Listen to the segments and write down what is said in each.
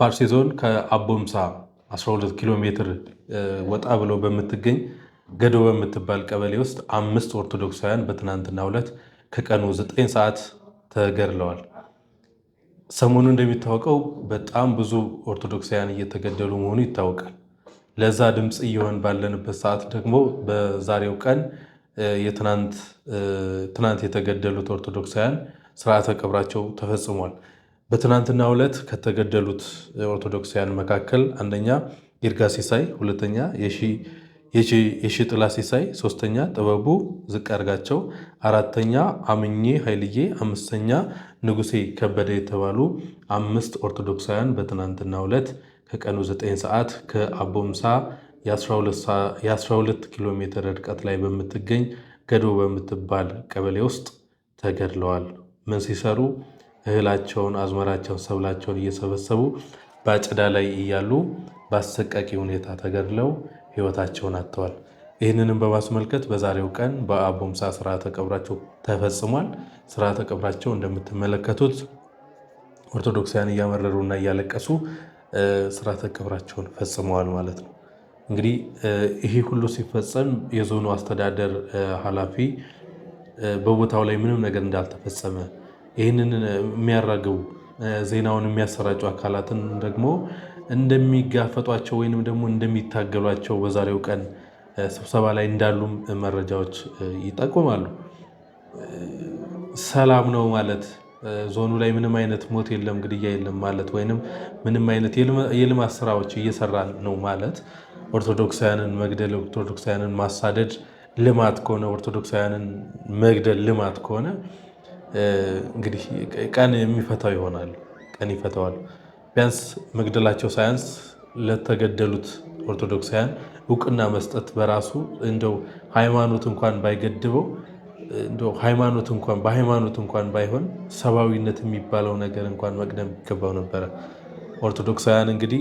ፓርሲ ዞን ከአቦምሳ 12 ኪሎ ሜትር ወጣ ብሎ በምትገኝ ገዶ በምትባል ቀበሌ ውስጥ አምስት ኦርቶዶክሳውያን በትናንትናው ዕለት ከቀኑ 9 ሰዓት ተገድለዋል። ሰሞኑ እንደሚታወቀው በጣም ብዙ ኦርቶዶክሳውያን እየተገደሉ መሆኑ ይታወቃል። ለዛ ድምፅ እየሆን ባለንበት ሰዓት ደግሞ በዛሬው ቀን ትናንት የተገደሉት ኦርቶዶክሳውያን ስርዓተ ቀብራቸው ተፈጽሟል። በትናንትና ዕለት ከተገደሉት ኦርቶዶክሳውያን መካከል አንደኛ ይርጋ ሲሳይ፣ ሁለተኛ የሺ ጥላ ሲሳይ፣ ሶስተኛ ጥበቡ ዝቅ አድርጋቸው፣ አራተኛ አምኜ ኃይልዬ፣ አምስተኛ ንጉሴ ከበደ የተባሉ አምስት ኦርቶዶክሳውያን በትናንትና ዕለት ከቀኑ 9 ሰዓት ከአቦምሳ የ12 ኪሎ ሜትር ርቀት ላይ በምትገኝ ገዶ በምትባል ቀበሌ ውስጥ ተገድለዋል። ምን ሲሰሩ እህላቸውን፣ አዝመራቸውን፣ ሰብላቸውን እየሰበሰቡ በአጨዳ ላይ እያሉ በአሰቃቂ ሁኔታ ተገድለው ህይወታቸውን አጥተዋል። ይህንንም በማስመልከት በዛሬው ቀን በአቦምሳ ስርዓተ ቀብራቸው ተፈጽሟል። ስርዓተ ቀብራቸው እንደምትመለከቱት ኦርቶዶክሳውያን እያመረሩና እያለቀሱ ስርዓተ ቀብራቸውን ፈጽመዋል ማለት ነው። እንግዲህ ይሄ ሁሉ ሲፈጸም የዞኑ አስተዳደር ኃላፊ በቦታው ላይ ምንም ነገር እንዳልተፈጸመ ይህንን የሚያራግቡ ዜናውን የሚያሰራጩ አካላትን ደግሞ እንደሚጋፈጧቸው ወይንም ደግሞ እንደሚታገሏቸው በዛሬው ቀን ስብሰባ ላይ እንዳሉም መረጃዎች ይጠቁማሉ። ሰላም ነው ማለት ዞኑ ላይ ምንም አይነት ሞት የለም፣ ግድያ የለም ማለት ወይንም ምንም አይነት የልማት ስራዎች እየሰራ ነው ማለት ኦርቶዶክሳውያንን መግደል፣ ኦርቶዶክሳውያንን ማሳደድ ልማት ከሆነ ኦርቶዶክሳውያንን መግደል ልማት ከሆነ እንግዲህ ቀን የሚፈታው ይሆናል። ቀን ይፈተዋል። ቢያንስ መግደላቸው ሳያንስ ለተገደሉት ኦርቶዶክሳውያን እውቅና መስጠት በራሱ እንደው ሃይማኖት እንኳን ባይገድበው ሃይማኖት እንኳን በሃይማኖት እንኳን ባይሆን ሰብአዊነት የሚባለው ነገር እንኳን መቅደም ይገባው ነበረ። ኦርቶዶክሳውያን እንግዲህ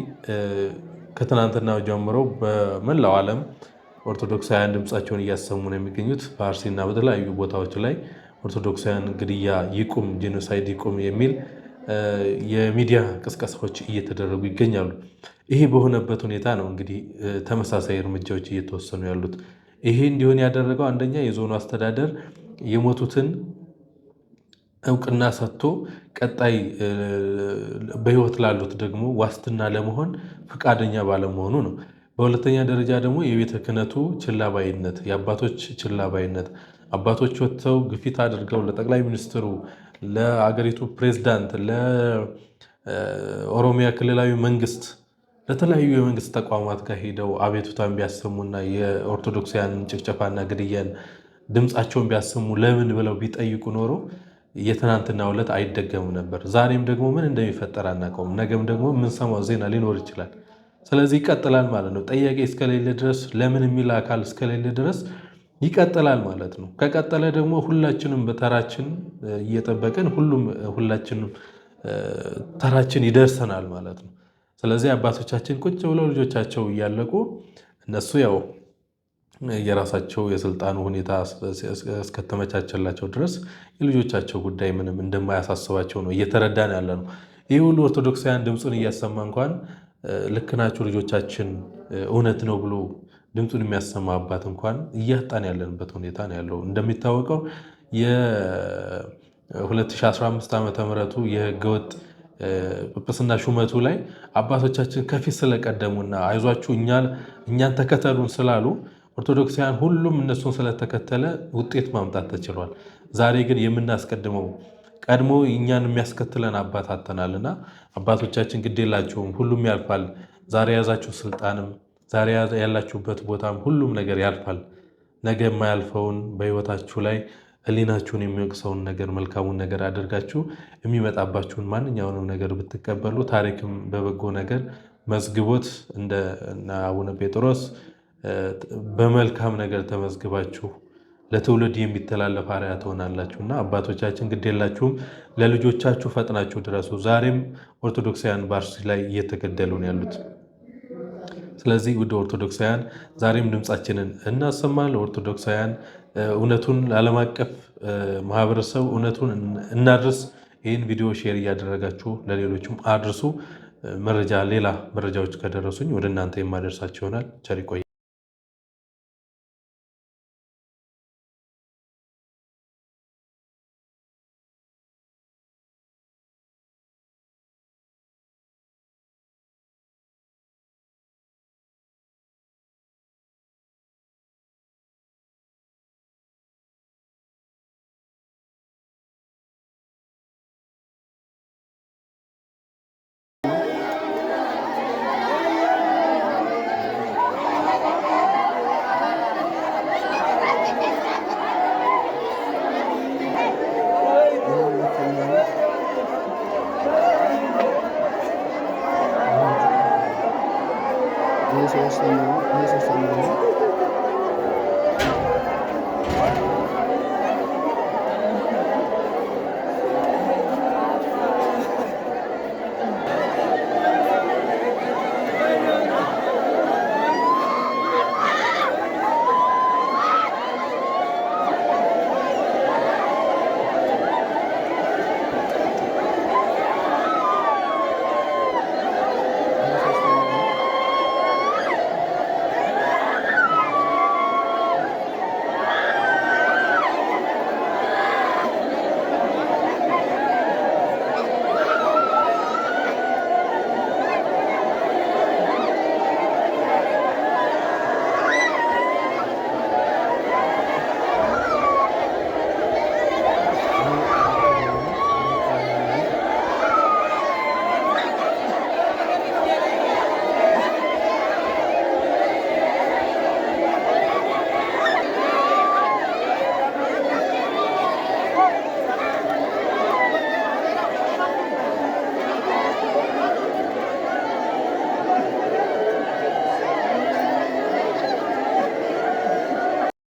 ከትናንትና ጀምሮ በመላው ዓለም ኦርቶዶክሳውያን ድምፃቸውን እያሰሙ ነው የሚገኙት። በአርሲና በተለያዩ ቦታዎች ላይ ኦርቶዶክሳውያን ግድያ ይቁም፣ ጄኖሳይድ ይቁም የሚል የሚዲያ ቅስቀሳዎች እየተደረጉ ይገኛሉ። ይሄ በሆነበት ሁኔታ ነው እንግዲህ ተመሳሳይ እርምጃዎች እየተወሰኑ ያሉት። ይሄ እንዲሆን ያደረገው አንደኛ የዞኑ አስተዳደር የሞቱትን እውቅና ሰጥቶ ቀጣይ በህይወት ላሉት ደግሞ ዋስትና ለመሆን ፈቃደኛ ባለመሆኑ ነው። በሁለተኛ ደረጃ ደግሞ የቤተ ክህነቱ ችላባይነት፣ የአባቶች ችላባይነት አባቶች ወጥተው ግፊት አድርገው ለጠቅላይ ሚኒስትሩ፣ ለአገሪቱ ፕሬዝዳንት፣ ለኦሮሚያ ክልላዊ መንግስት፣ ለተለያዩ የመንግስት ተቋማት ጋር ሄደው አቤቱታን ቢያሰሙና የኦርቶዶክሳውያንን ጭፍጨፋና ግድያን ድምፃቸውን ቢያሰሙ ለምን ብለው ቢጠይቁ ኖሮ የትናንትና ዕለት አይደገሙ ነበር። ዛሬም ደግሞ ምን እንደሚፈጠር አናውቀውም። ነገም ደግሞ የምንሰማው ዜና ሊኖር ይችላል። ስለዚህ ይቀጥላል ማለት ነው። ጥያቄ እስከሌለ ድረስ ለምን የሚል አካል እስከሌለ ድረስ ይቀጥላል ማለት ነው። ከቀጠለ ደግሞ ሁላችንም በተራችን እየጠበቀን ሁሉም ሁላችንም ተራችን ይደርሰናል ማለት ነው። ስለዚህ አባቶቻችን ቁጭ ብለው ልጆቻቸው እያለቁ እነሱ ያው የራሳቸው የስልጣኑ ሁኔታ እስከተመቻቸላቸው ድረስ የልጆቻቸው ጉዳይ ምንም እንደማያሳስባቸው ነው እየተረዳን ያለ ነው። ይህ ሁሉ ኦርቶዶክሳውያን ድምፁን እያሰማ እንኳን ልክናቸው ልጆቻችን እውነት ነው ብሎ ድምፁን የሚያሰማ አባት እንኳን እያጣን ያለንበት ሁኔታ ነው ያለው። እንደሚታወቀው የ2015 ዓ ምቱ የህገወጥ ጵጵስና ሹመቱ ላይ አባቶቻችን ከፊት ስለቀደሙና አይዟችሁ እኛን ተከተሉን ስላሉ ኦርቶዶክሳውያን ሁሉም እነሱን ስለተከተለ ውጤት ማምጣት ተችሏል። ዛሬ ግን የምናስቀድመው ቀድሞ እኛን የሚያስከትለን አባት አተናልና አባቶቻችን ግዴላቸውም፣ ሁሉም ያልፋል። ዛሬ የያዛችሁ ስልጣንም ዛሬ ያላችሁበት ቦታም ሁሉም ነገር ያልፋል። ነገ የማያልፈውን በህይወታችሁ ላይ ህሊናችሁን የሚወቅሰውን ነገር መልካሙን ነገር አድርጋችሁ የሚመጣባችሁን ማንኛውንም ነገር ብትቀበሉ ታሪክም በበጎ ነገር መዝግቦት እንደ አቡነ ጴጥሮስ በመልካም ነገር ተመዝግባችሁ ለትውልድ የሚተላለፍ አርያ ትሆናላችሁ እና አባቶቻችን ግድ የላችሁም፣ ለልጆቻችሁ ፈጥናችሁ ድረሱ። ዛሬም ኦርቶዶክሳውያን ባርሲ ላይ እየተገደሉ ነው ያሉት። ስለዚህ ውድ ኦርቶዶክሳውያን ዛሬም ድምፃችንን እናሰማ፣ ለኦርቶዶክሳውያን እውነቱን ለዓለም አቀፍ ማህበረሰብ እውነቱን እናድርስ። ይህን ቪዲዮ ሼር እያደረጋችሁ ለሌሎችም አድርሱ። መረጃ ሌላ መረጃዎች ከደረሱኝ ወደ እናንተ የማደርሳቸው ይሆናል። ቸር Gracias. sostengo, es